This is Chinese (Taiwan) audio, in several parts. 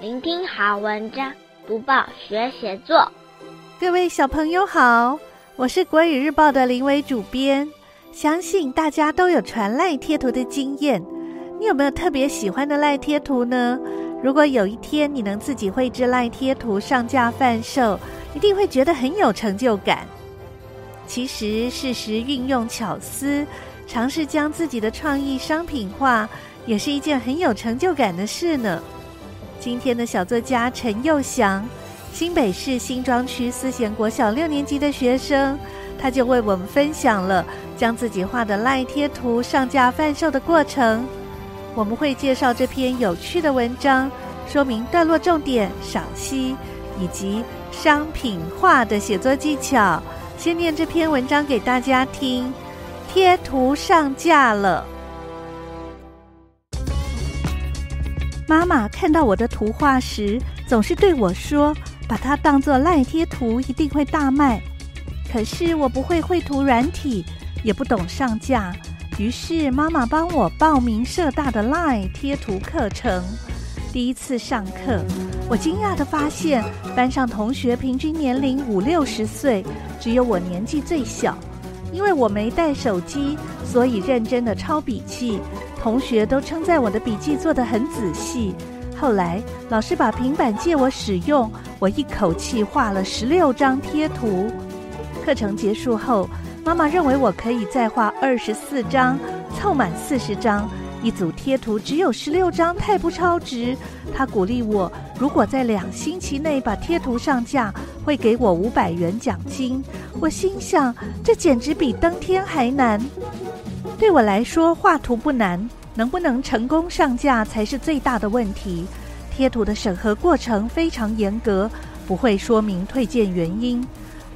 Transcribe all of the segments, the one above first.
聆聽好文章，讀報學寫作。各位小朋友好，我是國語日報的林偉主編。相信大家都有傳 LINE 貼圖的經驗，你有沒有特別喜歡的 LINE 貼圖呢？如果有一天你能自己繪製 LINE 貼圖上架販售，一定會覺得很有成就感。其實適時運用巧思，嘗試將自己的創意商品化，也是一件很有成就感的事呢。今天的小作家陳佑祥，新北市新莊區思賢國小六年級的學生，他就為我們分享了將自己畫的 LINE 貼圖上架販售的過程。我們會介紹這篇有趣的文章，說明段落重點、賞析以及商品化的寫作技巧。先念這篇文章給大家聽：貼圖上架了。媽媽看到我的圖畫時，總是對我說：“把它當作 LINE 貼圖，一定會大賣。”可是我不會繪圖軟體，也不懂上架，於是媽媽幫我報名社大的 LINE 貼圖課程。第一次上課，我驚訝地發現班上同學平均年齡五六十歲，只有我年紀最小。因為我沒帶手機，所以認真地抄筆記。同學都稱讚我的筆記做得很仔細。後來老師把平板借我使用，我一口氣畫了十六張貼圖。課程結束後，媽媽認為我可以再畫二十四張，湊滿四十張。一組貼圖只有十六張，太不超值。她鼓勵我，如果在兩星期內把貼圖上架，會給我五百元獎金。我心想，這簡直比登天還難。對我來說，畫圖不難。能不能成功上架才是最大的問題。貼圖的審核過程非常嚴格，不會說明退件原因。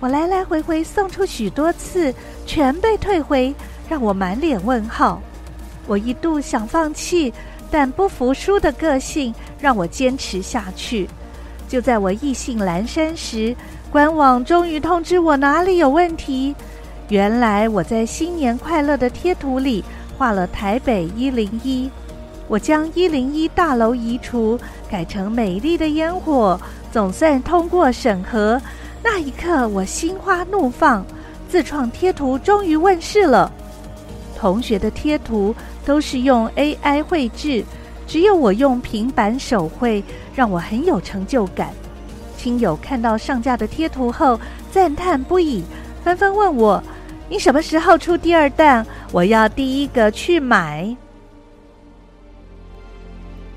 我來來回回送出許多次，全被退回，讓我滿臉問號。我一度想放棄，但不服輸的個性讓我堅持下去。就在我意興闌珊時，官網終於通知我哪裡有問題。原來我在“新年快樂”的貼圖裡，畫了台北一零一，我將一零一大樓移除，改成美麗的煙火，總算通過審核。那一刻，我心花怒放，自創貼圖終於問世了。同學的貼圖都是用 AI 繪制，只有我用平板手繪，讓我很有成就感。親友看到上架的貼圖後讚嘆不已，紛紛問我。你什麼時候出第二彈？我要第一個去買。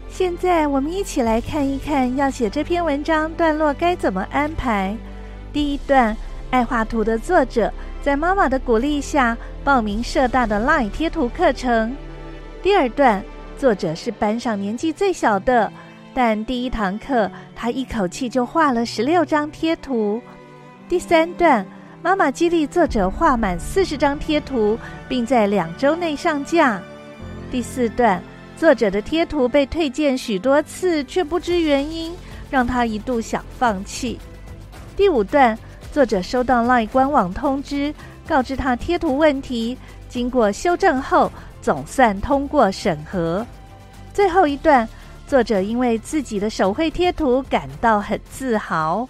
現在我們一起來看一看，要寫這篇文章段落該怎麼安排。第一段，愛畫圖的作者在媽媽的鼓勵下報名社大的 LINE 貼圖課程。第二段，作者是班上年紀最小的，但第一堂課他一口氣就畫了十六張貼圖。第三段。媽媽激勵作者畫滿四十張貼圖，並在兩周內上架。第四段，作者的貼圖被推薦許多次，卻不知原因，讓他一度想放棄。第五段，作者收到 LINE 官網通知，告知他貼圖問題，經過修正後總算通過審核。最後一段，作者因為自己的手繪貼圖感到很自豪。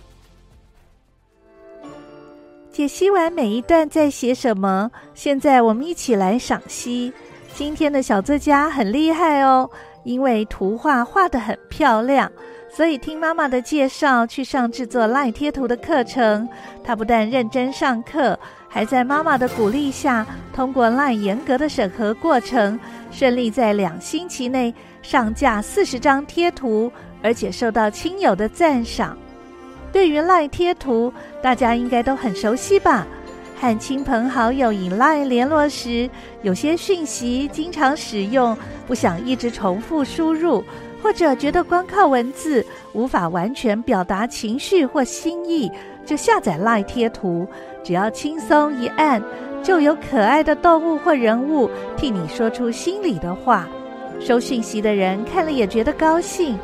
解析完每一段在寫什麼，現在我們一起來賞析。今天的小作家很厲害哦，因為圖畫畫得很漂亮，所以聽媽媽的介紹去上制作 LINE 貼圖的課程。他不但認真上課，還在媽媽的鼓勵下，通過 LINE 嚴格的審核過程，順利在兩星期內上架四十張貼圖，而且受到親友的讚賞。對於 LINE 貼圖，大家應該都很熟悉吧？和親朋好友以 LINE 聯絡時，有些訊息經常使用，不想一直重複輸入，或者覺得光靠文字無法完全表達情緒或心意，就下載 LINE 貼圖。只要輕鬆一按，就有可愛的動物或人物替你說出心裡的話，收訊息的人看了也覺得高興。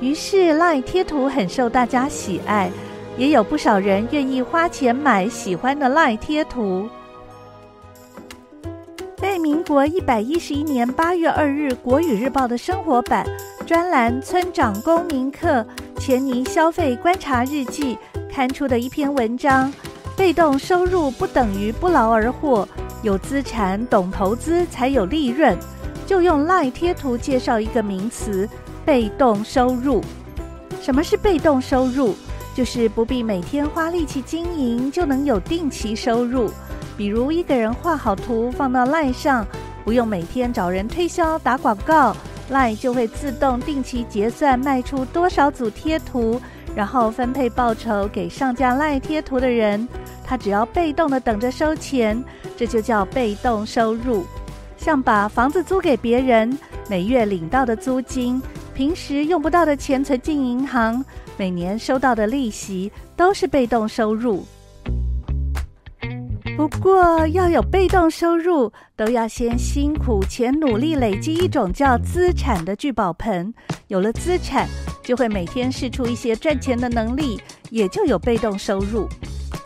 於是，LINE 貼圖很受大家喜愛，也有不少人願意花錢買喜歡的 LINE 貼圖。被民國一百一十一年八月二日《國語日報》的生活版專欄《村長公民課》錢寧消費觀察日記刊出的一篇文章：被動收入不等於不勞而獲，有資產懂投資才有利潤。就用 LINE 貼圖介紹一個名詞。被動收入，什麼是被動收入？就是不必每天花力氣經營，就能有定期收入。比如一個人畫好圖放到 LINE 上，不用每天找人推銷打廣告，LINE 就會自動定期結算賣出多少組貼圖，然後分配報酬給上架 LINE 貼圖的人。他只要被動的等着收錢，這就叫被動收入。像把房子租給別人，每月領到的租金。平時用不到的錢存進銀行，每年收到的利息都是被動收入。不過要有被動收入，都要先辛苦且努力累積一種叫資產的聚寶盆。有了資產，就會每天試出一些賺錢的能力，也就有被動收入。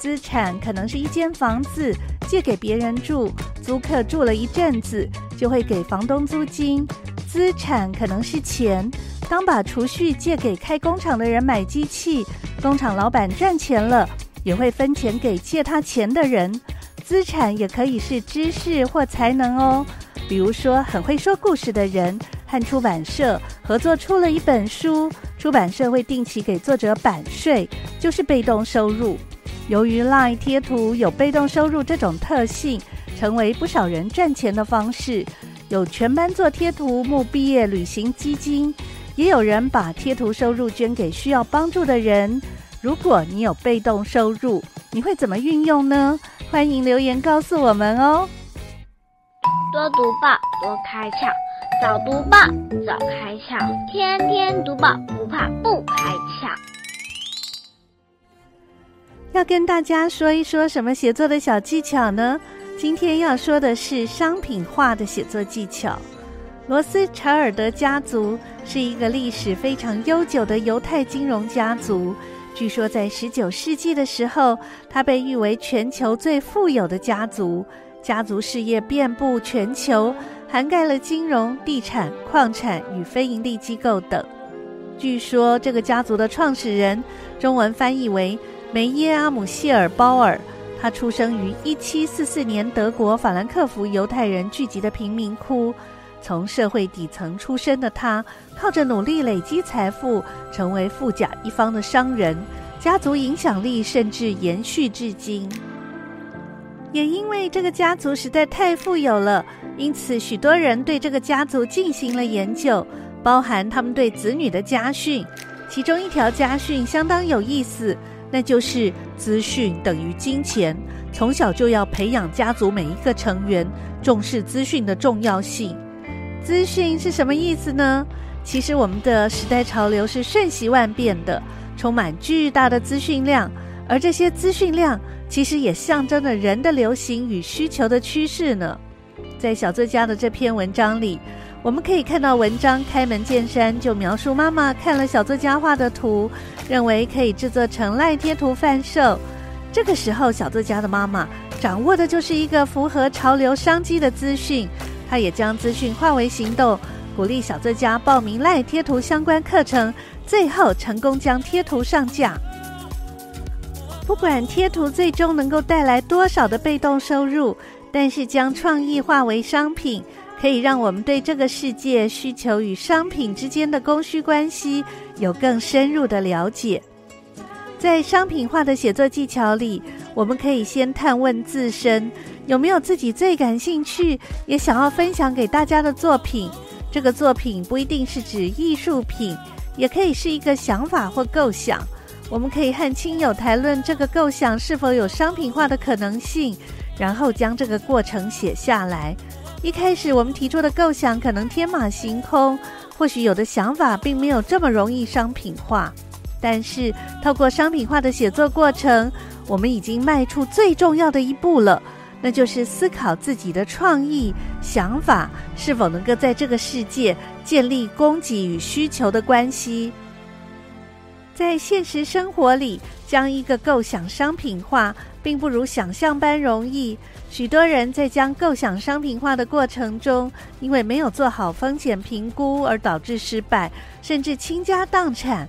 資產可能是一間房子，借給別人住，租客住了一陣子，就會給房東租金。資產可能是錢，當把儲蓄借給開工廠的人買機器，工廠老板賺錢了，也會分錢給借他錢的人。資產也可以是知識或才能哦，比如說很會說故事的人和出版社合作出了一本書，出版社會定期給作者版稅，就是被動收入。由於 LINE 貼圖有被動收入這種特性，成為不少人賺錢的方式。有全班做貼圖募畢業旅行基金，也有人把貼圖收入捐給需要幫助的人。如果你有被動收入，你會怎麼運用呢？歡迎留言告訴我們哦。多讀報，多開竅；早讀報，早開竅；天天讀報，不怕不開竅。要跟大家說一說什麼寫作的小技巧呢？今天要說的是商品化的寫作技巧。羅斯柴爾德家族是一個歷史非常悠久的猶太金融家族。據說在十九世紀的時候，它被譽為全球最富有的家族，家族事業遍佈全球，涵蓋了金融、地產、礦產與非盈利機構等。據說這個家族的創始人，中文翻譯為梅耶阿姆謝爾鮑爾。他出生於一七四四年德國法蘭克福猶太人聚集的貧民窟，從社會底層出身的他，靠着努力累積財富，成為富甲一方的商人，家族影響力甚至延續至今。也因為這個家族實在太富有了，因此許多人對這個家族進行了研究，包含他們對子女的家訓，其中一條家訓相當有意思。那就是資訊等於金錢，從小就要培養家族每一個成員重視資訊的重要性。資訊是什麼意思呢？其實我們的時代潮流是瞬息萬變的，充滿巨大的資訊量，而這些資訊量其實也象徵着人的流行與需求的趨勢呢。在小作家的這篇文章裡。我們可以看到，文章開門見山就描述媽媽看了小作家畫的圖，認為可以制作成 LINE 貼圖販售。這個時候，小作家的媽媽掌握的就是一個符合潮流商機的資訊，她也將資訊化為行動，鼓勵小作家報名 LINE 貼圖相關課程，最後成功將貼圖上架。不管貼圖最終能夠帶來多少的被動收入，但是將創意化為商品。可以讓我們對這個世界需求與商品之間的供需關係有更深入的了解。在商品化的寫作技巧裡，我們可以先探問自身有沒有自己最感興趣也想要分享給大家的作品。這個作品不一定是指藝術品，也可以是一個想法或構想。我們可以和親友談論這個構想是否有商品化的可能性，然後將這個過程寫下來。一開始我們提出的構想可能天馬行空，或許有的想法並沒有這麼容易商品化。但是，透過商品化的寫作過程，我們已經邁出最重要的一步了，那就是思考自己的創意想法是否能夠在這個世界建立供給與需求的關係。在現實生活裡，將一個構想商品化，並不如想象般容易。許多人在將構想商品化的過程中，因為沒有做好風險評估，而導致失敗，甚至傾家蕩產。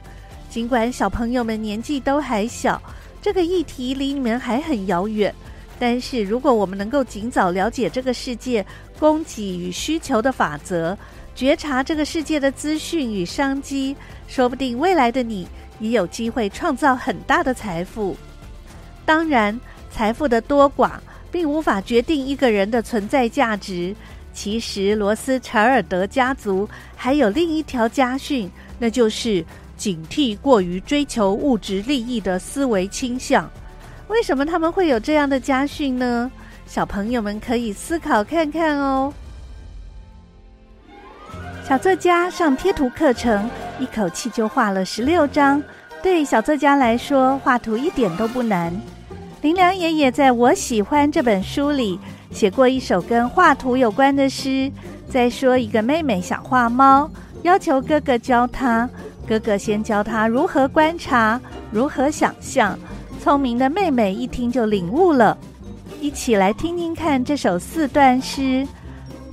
儘管小朋友們年紀都還小，這個議題離你們還很遙遠，但是如果我們能夠盡早了解這個世界供給與需求的法則，覺察這個世界的資訊與商機，說不定未來的你，也有機會創造很大的財富。當然，財富的多寡並無法決定一個人的存在價值。其實，羅斯柴爾德家族還有另一條家訓，那就是警惕過於追求物質利益的思維傾向。為什麼他們會有這樣的家訓呢？小朋友們可以思考看看哦。小作家上貼圖課程。一口氣就畫了十六張，對小作家來說，畫圖一點都不難。林良爺爺在我喜歡這本書裡寫過一首跟畫圖有關的詩。在說一個妹妹想畫貓，要求哥哥教她。哥哥先教她如何觀察，如何想象。聰明的妹妹一聽就領悟了。一起來聽聽看這首四段詩：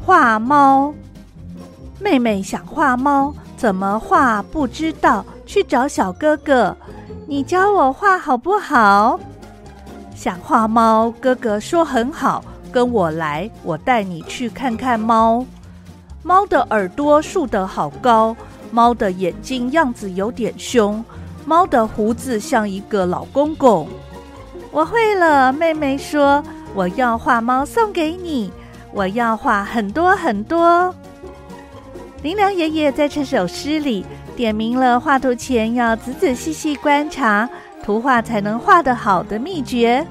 畫貓，妹妹想畫貓。怎麼畫不知道，去找小哥哥，你教我畫好不好？想畫貓，哥哥說很好，跟我來，我帶你去看看貓。貓的耳朵豎得好高，貓的眼睛樣子有點兇，貓的鬍子像一個老公公。我會了，妹妹說我要畫貓送給你，我要畫很多很多。林良爺爺在這首詩裡點明了畫圖前要仔仔細細觀察，圖畫才能畫得好的秘訣。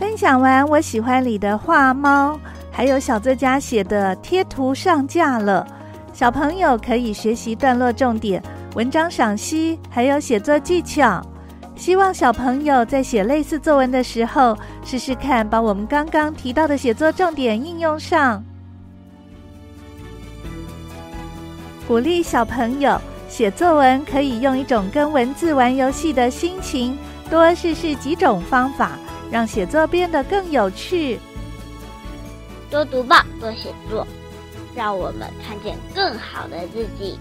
分享完我喜歡裡的畫貓，還有小作家寫的貼圖上架了。小朋友可以學習段落重點、文章賞析，還有寫作技巧。希望小朋友在寫類似作文的時候，試試看把我們剛剛提到的寫作重點應用上。鼓勵小朋友寫作文，可以用一種跟文字玩遊戲的心情，多試試幾種方法，讓寫作變得更有趣。多讀報，多寫作，讓我們看見更好的自己。